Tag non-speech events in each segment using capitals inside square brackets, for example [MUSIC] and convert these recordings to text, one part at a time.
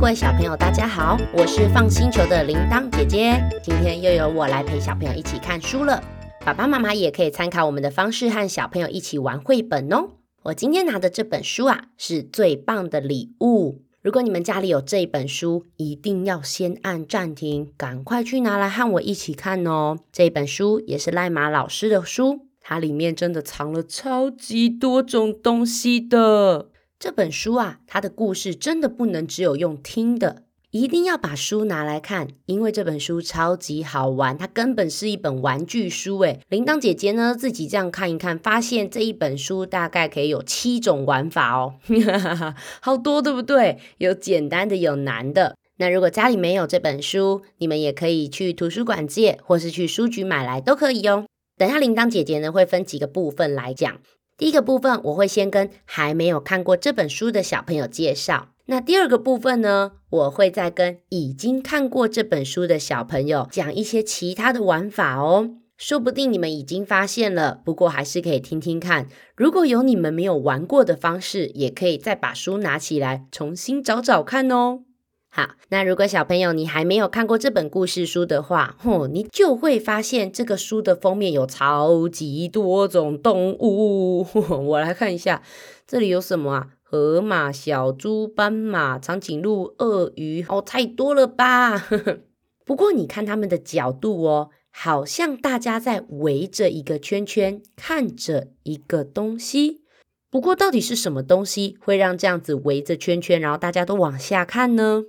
各位小朋友，大家好，我是 FUN 星球的鈴鐺姐姐。今天又由我來陪小朋友一起看書了。爸爸媽媽也可以參考我們的方式，和小朋友一起玩繪本哦。我今天拿的這本書啊，是最棒的禮物。如果你們家裡有這一本書，一定要先按暫停，趕快去拿來和我一起看哦。這本書也是賴馬老師的書，它裡面真的藏了超級多種東西的。這本書啊，它的故事真的不能只有用聽的，一定要把書拿來看，因為這本書超級好玩，它根本是一本玩具書誒。鈴鐺姐姐呢，自己這樣看一看，發現這一本書大概可以有七種玩法哦， [LAUGHS] 好多，對不對？有簡單的，有難的。那如果家裡沒有這本書，你們也可以去圖書館借，或是去書局買來都可以哦。等一下鈴鐺姐姐呢，會分幾個部分來講。第一個部分，我會先跟還沒有看過這本書的小朋友介紹。那第二個部分呢，我會再跟已經看過這本書的小朋友講一些其他的玩法哦。說不定你們已經發現了，不過還是可以聽聽看。如果有你們沒有玩過的方式，也可以再把書拿起來重新找找看哦。好，那如果小朋友你還沒有看過這本故事書的話，吼，你就會發現這個書的封面有超級多種動物。 [LAUGHS] 我來看一下，這裡有什麼啊？河馬、小豬、斑馬、長頸鹿、鱷魚，哦，太多了吧！ [LAUGHS] 不過你看他們的角度哦，好像大家在圍着一個圈圈看着一個東西。不過到底是什麼東西會讓這樣子圍着圈圈，然後大家都往下看呢？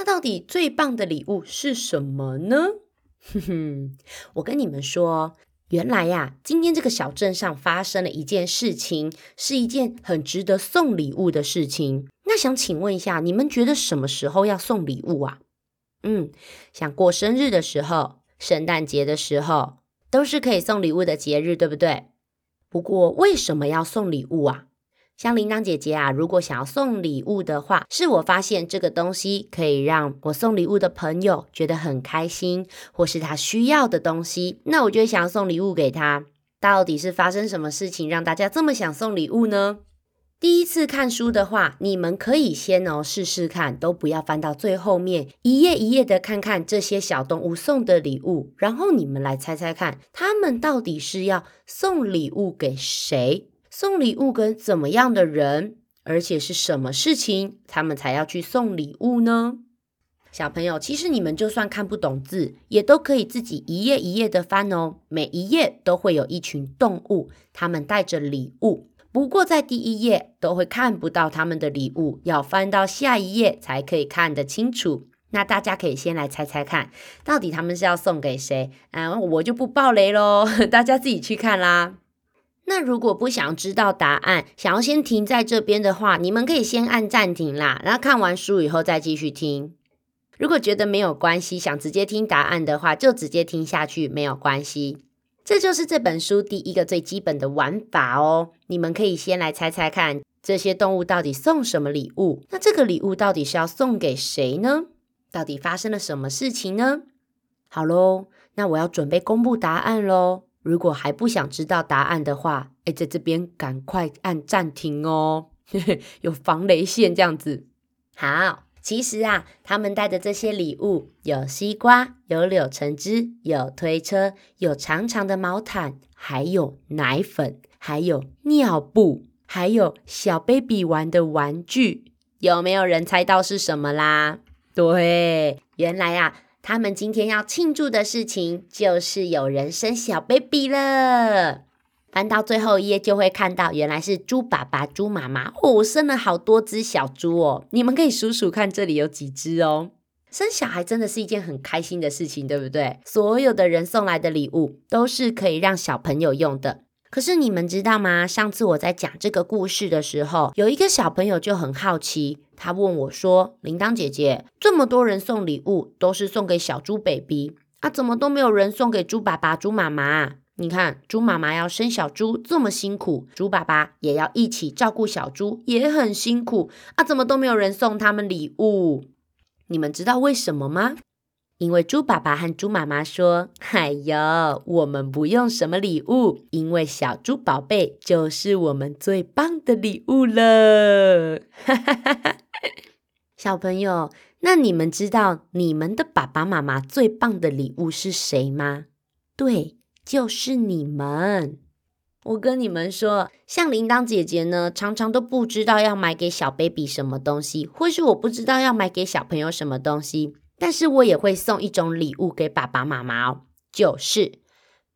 那到底最棒的禮物是什麼呢？哼哼，我跟你們說，原來呀、啊，今天這個小鎮上發生了一件事情，是一件很值得送禮物的事情。那想請問一下，你們覺得什麼時候要送禮物啊？嗯，像過生日的時候，聖誕節的時候，都是可以送禮物的節日，對不對？不過為什麼要送禮物啊？像鈴鐺姐姐啊，如果想要送禮物的話，是我發現這個東西可以讓我送禮物的朋友覺得很開心，或是他需要的東西，那我就會想要送禮物給他。到底是發生什麼事情讓大家這麼想送禮物呢？第一次看書的話，你們可以先哦試試看，都不要翻到最後面，一頁一頁的看看這些小動物送的禮物，然後你們來猜猜看，他們到底是要送禮物給誰？送禮物給怎麼樣的人，而且是什麼事情，他們才要去送禮物呢？小朋友，其實你們就算看不懂字，也都可以自己一頁一頁的翻哦。每一頁都會有一群動物，他們帶着禮物。不過在第一頁都會看不到他們的禮物，要翻到下一頁才可以看得清楚。那大家可以先來猜猜看，到底他們是要送給誰？嗯，我就不暴雷嘍，大家自己去看啦。那如果不想知道答案，想要先停在這邊的話，你們可以先按暫停啦。然後看完書以後再繼續聽。如果覺得沒有關係，想直接聽答案的話，就直接聽下去，沒有關係。這就是這本書第一個最基本的玩法哦。你們可以先來猜猜看，這些動物到底送什麼禮物？那這個禮物到底是要送給誰呢？到底發生了什麼事情呢？好嘍，那我要準備公布答案嘍。如果還不想知道答案的話，哎，在這邊趕快按暫停哦， [LAUGHS] 有防雷線這樣子。好，其實啊，他們帶的這些禮物有西瓜，有柳橙汁，有推車，有長長的毛毯，還有奶粉，還有尿布，還有小 baby 玩的玩具。有沒有人猜到是什麼啦？對，原來啊。他們今天要慶祝的事情，就是有人生小 baby 了。翻到最後一頁就會看到，原來是豬爸爸、豬媽媽哦，我生了好多只小豬哦。你們可以數數看，這裡有幾只哦。生小孩真的是一件很開心的事情，對不對？所有的人送來的禮物，都是可以讓小朋友用的。可是你們知道嗎？上次我在講這個故事的時候，有一個小朋友就很好奇，他問我說：“鈴鐺姐姐，這麼多人送禮物，都是送給小豬 baby 啊，怎麼都沒有人送給豬爸爸、豬媽媽？你看，豬媽媽要生小豬這麼辛苦，豬爸爸也要一起照顧小豬，也很辛苦啊，怎麼都沒有人送他們禮物？你們知道為什麼嗎？”因為豬爸爸和豬媽媽說：“哎呦，我們不用什麼禮物，因為小豬寶貝就是我們最棒的禮物了。”哈，小朋友，那你們知道你們的爸爸媽媽最棒的禮物是誰嗎？對，就是你們。我跟你們說，像鈴鐺姐姐呢，常常都不知道要買給小 baby 什麼東西，或是我不知道要買給小朋友什麼東西。但是我也會送一種禮物給爸爸媽媽哦，就是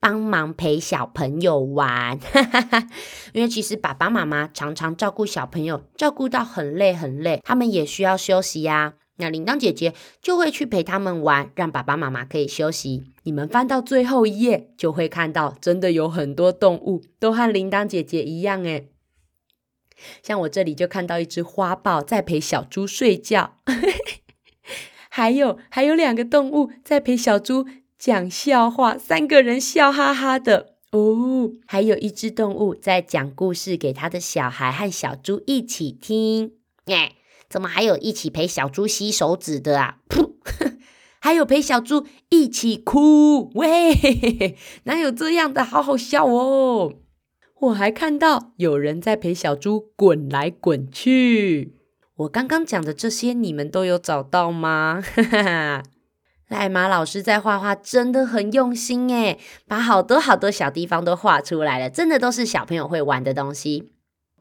幫忙陪小朋友玩， [LAUGHS] 因為其實爸爸媽媽常常照顧小朋友，照顧到很累很累，他們也需要休息呀、啊。那鈴鐺姐姐就會去陪他們玩，讓爸爸媽媽可以休息。你們翻到最後一頁就會看到，真的有很多動物都和鈴鐺姐姐一樣誒。像我這裡就看到一隻花豹在陪小豬睡覺。 [LAUGHS] 還有還有兩個動物在陪小豬講笑話，三個人笑哈哈的。哦，還有一隻動物在講故事給他的小孩和小豬一起聽。哎、欸，怎麼還有一起陪小豬吸手指的啊？噗！還有陪小豬一起哭。喂，嘿嘿，哪有這樣的？好好笑哦！我還看到有人在陪小豬滾來滾去。我剛剛講的這些，你們都有找到嗎？哈哈！賴馬老師在畫畫真的很用心誒，把好多好多小地方都畫出來了，真的都是小朋友會玩的東西。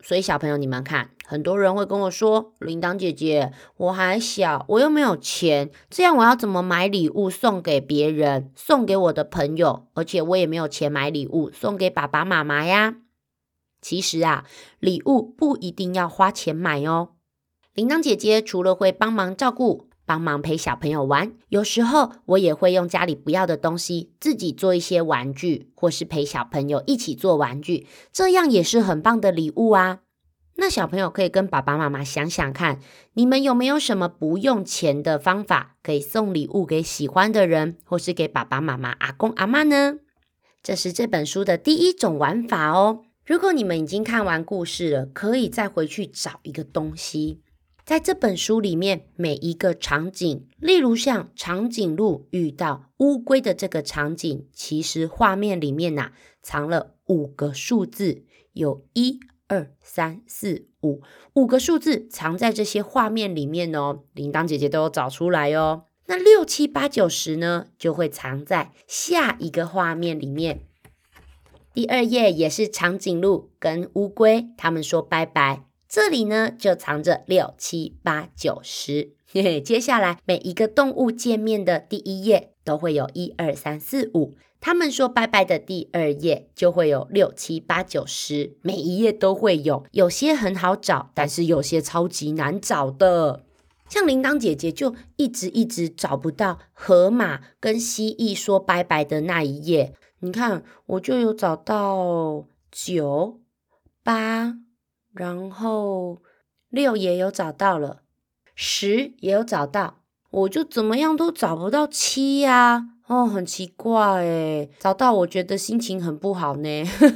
所以小朋友，你們看，很多人會跟我說：“鈴鐺姐姐，我還小，我又沒有錢，這樣我要怎麼買禮物送給別人，送給我的朋友？而且我也沒有錢買禮物送給爸爸媽媽呀。”其實啊，禮物不一定要花錢買哦。鈴鐺姐姐除了會幫忙照顧、幫忙陪小朋友玩，有時候我也會用家裡不要的東西自己做一些玩具，或是陪小朋友一起做玩具，這樣也是很棒的禮物啊。那小朋友可以跟爸爸媽媽想想看，你們有沒有什麼不用錢的方法可以送禮物給喜歡的人，或是給爸爸媽媽、阿公阿媽呢？這是這本書的第一種玩法哦。如果你們已經看完故事了，可以再回去找一個東西。在這本書裡面，每一個場景，例如像長頸鹿遇到烏龜的這個場景，其實畫面裡面呢，啊藏了五個數字，有一二三四五五個數字藏在這些畫面裡面哦。鈴鐺姐姐都有找出來哦。那六七八九十呢，就會藏在下一個畫面裡面。第二頁也是長頸鹿跟烏龜，他們說拜拜。這裡呢，就藏着六七八九十。 [LAUGHS] 接下來，每一個動物見面的第一頁都會有一二三四五。他們說拜拜的第二頁就會有六七八九十，每一頁都會有。有些很好找，但是有些超級難找的，像鈴鐺姐姐就一直一直找不到河馬跟蜥蜴說拜拜的那一頁。你看，我就有找到九八。然後六也有找到了，十也有找到，我就怎麼樣都找不到七呀，啊，哦，很奇怪誒，找到我覺得心情很不好呢，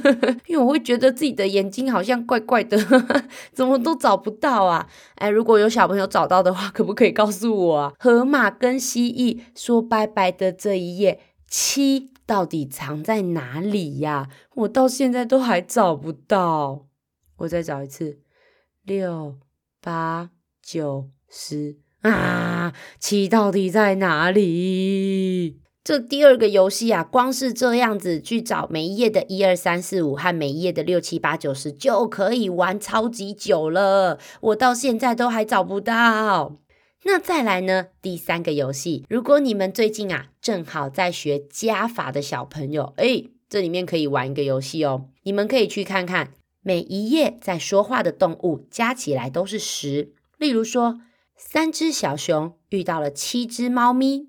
[LAUGHS] 因為我會覺得自己的眼睛好像怪怪的， [LAUGHS] 怎麼都找不到啊！誒、哎、如果有小朋友找到的話，可不可以告訴我啊？河馬跟蜥蜴說拜拜的這一頁，七到底藏在哪裡呀，啊？我到現在都還找不到。我再找一次，六八九十啊，七到底在哪裡？這第二個遊戲啊，光是這樣子去找每一頁的一二三四五和每一頁的六七八九十，就可以玩超級久了。我到現在都還找不到。那再來呢？第三個遊戲，如果你們最近啊，正好在學加法的小朋友，哎，這裡面可以玩一個遊戲哦，你們可以去看看。每一頁在說話的動物加起來都是十。例如說，三隻小熊遇到了七隻貓咪，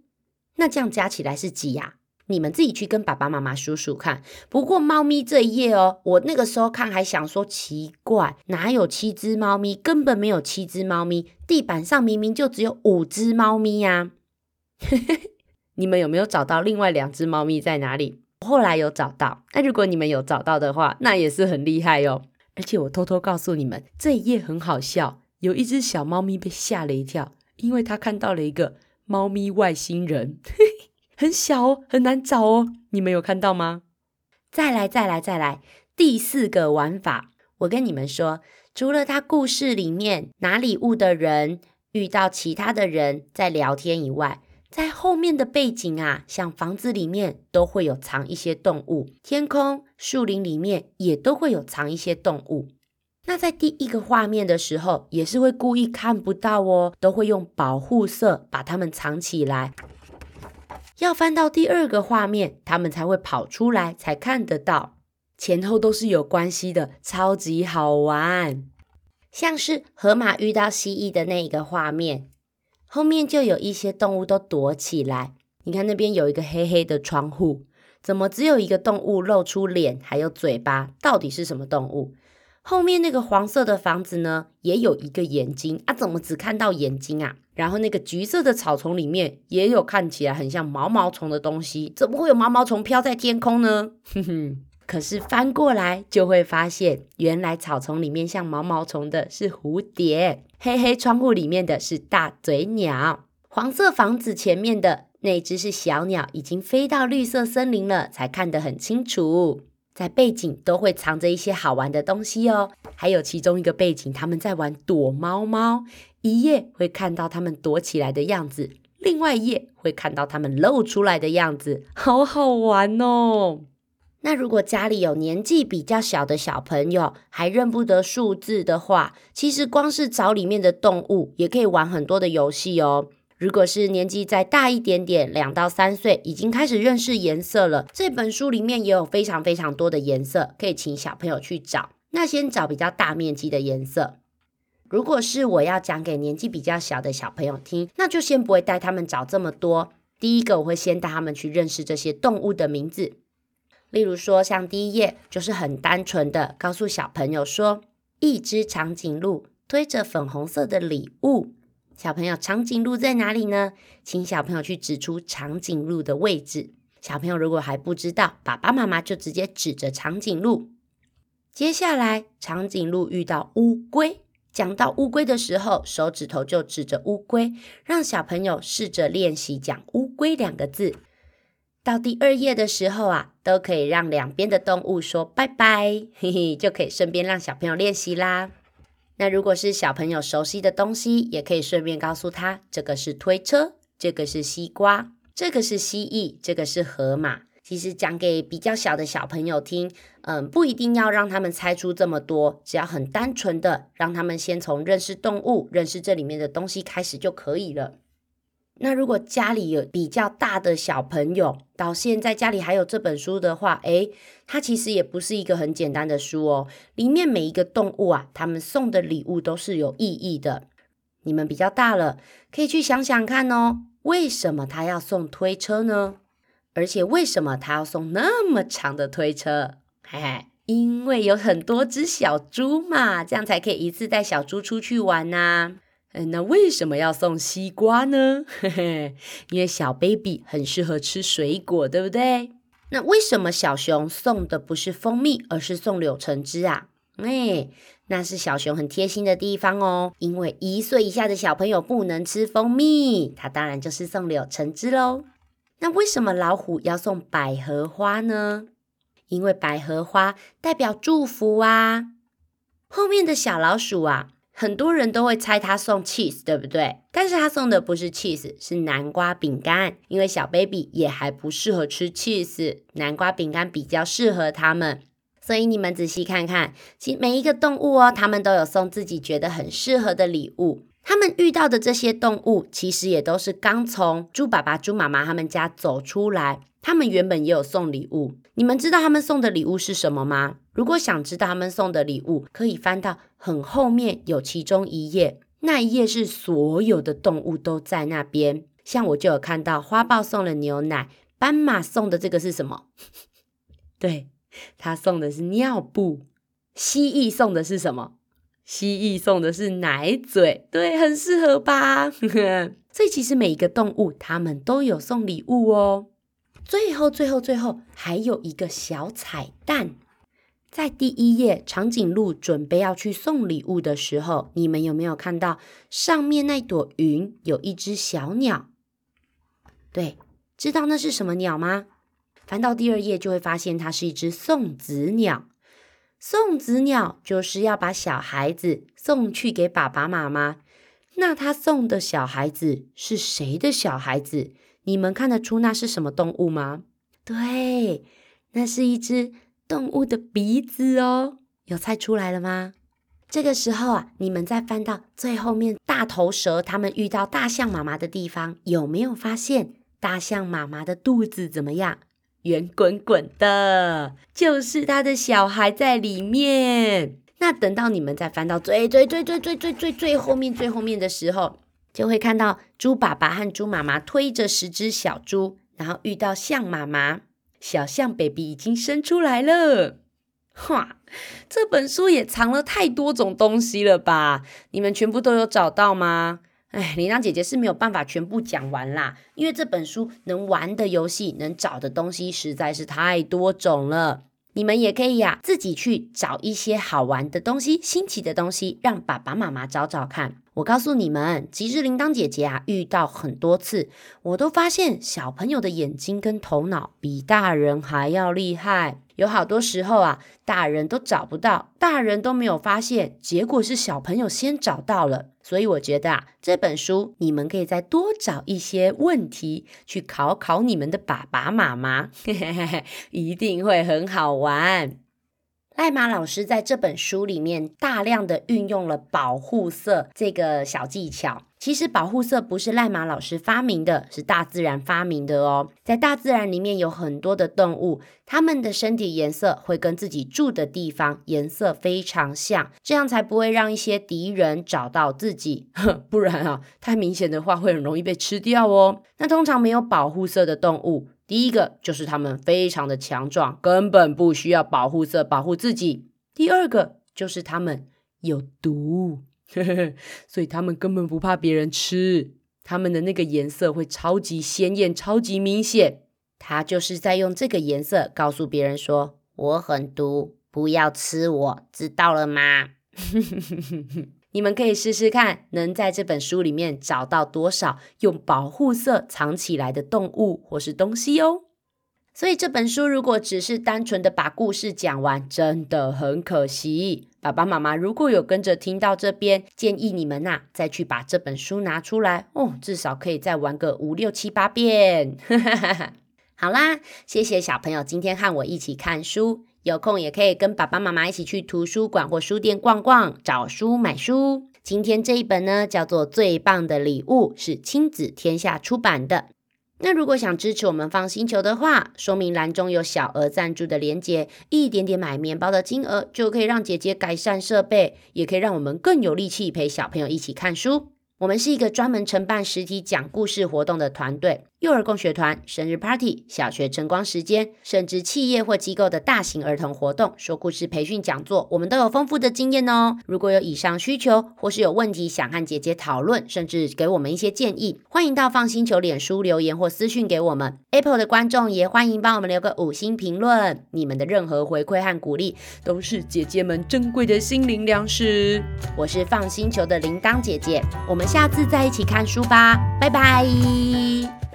那這樣加起來是幾呀，啊？你們自己去跟爸爸媽媽數數看。不過貓咪這一頁哦，我那個時候看還想說奇怪，哪有七隻貓咪？根本沒有七隻貓咪，地板上明明就只有五隻貓咪呀，啊。嘿 [LAUGHS] 嘿，你們有沒有找到另外兩隻貓咪在哪裡？我後來有找到，那如果你們有找到的話，那也是很厲害哦。而且我偷偷告訴你們，這一頁很好笑，有一隻小貓咪被嚇了一跳，因為它看到了一個貓咪外星人，嘿嘿，很小哦，很難找哦。你們有看到嗎？再來，再來，再來。第四個玩法，我跟你們說，除了他故事裡面拿禮物的人遇到其他的人在聊天以外。在後面的背景啊，像房子裡面都會有藏一些動物，天空、樹林裡面也都會有藏一些動物。那在第一個畫面的時候，也是會故意看不到哦，都會用保護色把它們藏起來。要翻到第二個畫面，它們才會跑出來，才看得到。前後都是有關係的，超級好玩。像是河馬遇到蜥蜴的那一個畫面。後面就有一些動物都躲起來，你看那邊有一個黑黑的窗戶，怎麼只有一個動物露出臉，還有嘴巴，到底是什麼動物？後面那個黃色的房子呢，也有一個眼睛啊，怎麼只看到眼睛啊？然後那個橘色的草叢裡面也有看起來很像毛毛蟲的東西，怎麼會有毛毛蟲飄在天空呢？哼哼。可是翻過來就會發現，原來草叢裡面像毛毛蟲的是蝴蝶，黑黑窗戶裡面的是大嘴鳥，黃色房子前面的那隻是小鳥，已經飛到綠色森林了，才看得很清楚。在背景都會藏着一些好玩的東西哦，還有其中一個背景，他們在玩躲貓貓，一頁會看到他們躲起來的樣子，另外一頁會看到他們露出來的樣子，好好玩哦。那如果家裡有年紀比較小的小朋友，還認不得數字的話，其實光是找裡面的動物，也可以玩很多的遊戲哦。如果是年紀再大一點點，兩到三歲，已經開始認識顏色了，這本書裡面也有非常非常多的顏色，可以請小朋友去找。那先找比較大面積的顏色。如果是我要講給年紀比較小的小朋友聽，那就先不會帶他們找這麼多。第一個，我會先帶他們去認識這些動物的名字。例如說，像第一頁就是很單純的告訴小朋友說，一只長頸鹿推着粉紅色的禮物。小朋友，長頸鹿在哪裡呢？請小朋友去指出長頸鹿的位置。小朋友如果還不知道，爸爸媽媽就直接指着長頸鹿。接下來，長頸鹿遇到烏龜，講到烏龜的時候，手指頭就指着烏龜，讓小朋友試着練習講“烏龜”兩個字。到第二頁的時候啊，都可以讓兩邊的動物說拜拜，嘿嘿，就可以順便讓小朋友練習啦。那如果是小朋友熟悉的東西，也可以順便告訴他，這個是推車，這個是西瓜，這個是蜥蜴，這個是河馬。其實講給比較小的小朋友聽，嗯，不一定要讓他們猜出這麼多，只要很單純的讓他們先從認識動物、認識這裡面的東西開始就可以了。那如果家裡有比較大的小朋友，到現在家裡還有這本書的話，誒，它其實也不是一個很簡單的書哦。裡面每一個動物啊，他們送的禮物都是有意義的。你們比較大了，可以去想想看哦，為什麼他要送推車呢？而且為什麼他要送那麼長的推車？嘿嘿，因為有很多隻小豬嘛，這樣才可以一次帶小豬出去玩吶。嗯、哎，那為什麼要送西瓜呢？嘿嘿，因為小 baby 很適合吃水果，對不對？那為什麼小熊送的不是蜂蜜，而是送柳橙汁啊？哎，那是小熊很貼心的地方哦，因為一歲以下的小朋友不能吃蜂蜜，它當然就是送柳橙汁嘍。那為什麼老虎要送百合花呢？因為百合花代表祝福啊。後面的小老鼠啊。很多人都會猜他送 cheese，對不對？但是他送的不是 cheese，是南瓜餅乾，因為小 baby 也還不適合吃 cheese，南瓜餅乾比較適合他們。所以你們仔細看看，其實每一個動物哦，他們都有送自己覺得很適合的禮物。他們遇到的這些動物，其實也都是剛從豬爸爸、豬媽媽他們家走出來。他們原本也有送禮物，你們知道他們送的禮物是什麼嗎？如果想知道他們送的禮物，可以翻到很後面，有其中一頁，那一頁是所有的動物都在那邊。像我就有看到花豹送了牛奶，斑馬送的這個是什麼？ [LAUGHS] 對，他送的是尿布。蜥蜴送的是什麼？蜥蜴送的是奶嘴，對，很適合吧？ [LAUGHS] 所以其實每一個動物，他們都有送禮物哦。最後，最後，最後，還有一個小彩蛋，在第一頁，長頸鹿準備要去送禮物的時候，你們有沒有看到上面那朵雲有一隻小鳥？對，知道那是什麼鳥嗎？翻到第二頁就會發現它是一隻送子鳥。送子鳥就是要把小孩子送去給爸爸媽媽。那他送的小孩子是誰的小孩子？你們看得出那是什麼動物嗎？對，那是一隻動物的鼻子哦。有猜出來了嗎？這個時候啊，你們再翻到最後面，大頭蛇他們遇到大象媽媽的地方，有沒有發現大象媽媽的肚子怎麼樣？圓滾滾的，就是他的小孩在裡面。那等到你們再翻到最最最最最最最最後面、最後面的時候。就會看到豬爸爸和豬媽媽推着十隻小豬，然後遇到象媽媽，小象 baby 已經生出來了。哇，這本書也藏了太多種東西了吧？你們全部都有找到嗎？哎，琳琅姐姐是沒有辦法全部講完啦，因為這本書能玩的遊戲、能找的東西實在是太多種了。你們也可以呀、啊，自己去找一些好玩的東西、新奇的東西，讓爸爸媽媽找找看。我告訴你們，其實鈴鐺姐姐啊，遇到很多次，我都發現小朋友的眼睛跟頭腦比大人還要厲害。有好多時候啊，大人都找不到，大人都沒有發現，結果是小朋友先找到了。所以我覺得啊，這本書你們可以再多找一些問題去考考你們的爸爸媽媽， [LAUGHS] 一定會很好玩。賴馬老師在這本書裡面大量的運用了保護色這個小技巧。其實保護色不是賴馬老師發明的，是大自然發明的哦。在大自然裡面有很多的動物，它們的身體顏色會跟自己住的地方顏色非常像，這樣才不會讓一些敵人找到自己。呵，不然啊，太明顯的話會很容易被吃掉哦。那通常沒有保護色的動物，第一個就是它們非常的強壯，根本不需要保護色保護自己；第二個就是它們有毒。 [LAUGHS] 所以他們根本不怕別人吃，他們的那個顏色會超級鮮豔、超級明顯。他就是在用這個顏色告訴別人說：“我很毒，不要吃我，知道了嗎？” [LAUGHS] [LAUGHS] 你們可以試試看，能在這本書裡面找到多少用保護色藏起來的動物或是東西哦。所以這本書如果只是單純的把故事講完，真的很可惜。爸爸媽媽如果有跟着聽到這邊，建議你們吶、啊，再去把這本書拿出來哦，至少可以再玩個五六七八遍。 [LAUGHS] 好啦，謝謝小朋友今天和我一起看書，有空也可以跟爸爸媽媽一起去圖書館或書店逛逛，找書買書。今天這一本呢，叫做《最棒的禮物》，是親子天下出版的。那如果想支持我們 FUN 星球的話，說明欄中有小額贊助的鏈接，一點點買麵包的金額就可以讓姐姐改善設備，也可以讓我們更有力氣陪小朋友一起看書。我們是一個專門承辦實體講故事活動的團隊。幼兒共學團、生日 party、小學晨光時間，甚至企業或機構的大型兒童活動、說故事、培訓講座，我們都有豐富的經驗哦。如果有以上需求，或是有問題想和姐姐討論，甚至給我們一些建議，歡迎到 FUN 星球臉書留言或私訊給我們。Apple 的觀眾也歡迎幫我們留個五星評論，你們的任何回饋和鼓勵，都是姐姐們珍貴的心靈糧食。我是 FUN 星球的鈴鐺姐姐，我們下次再一起看書吧，拜拜。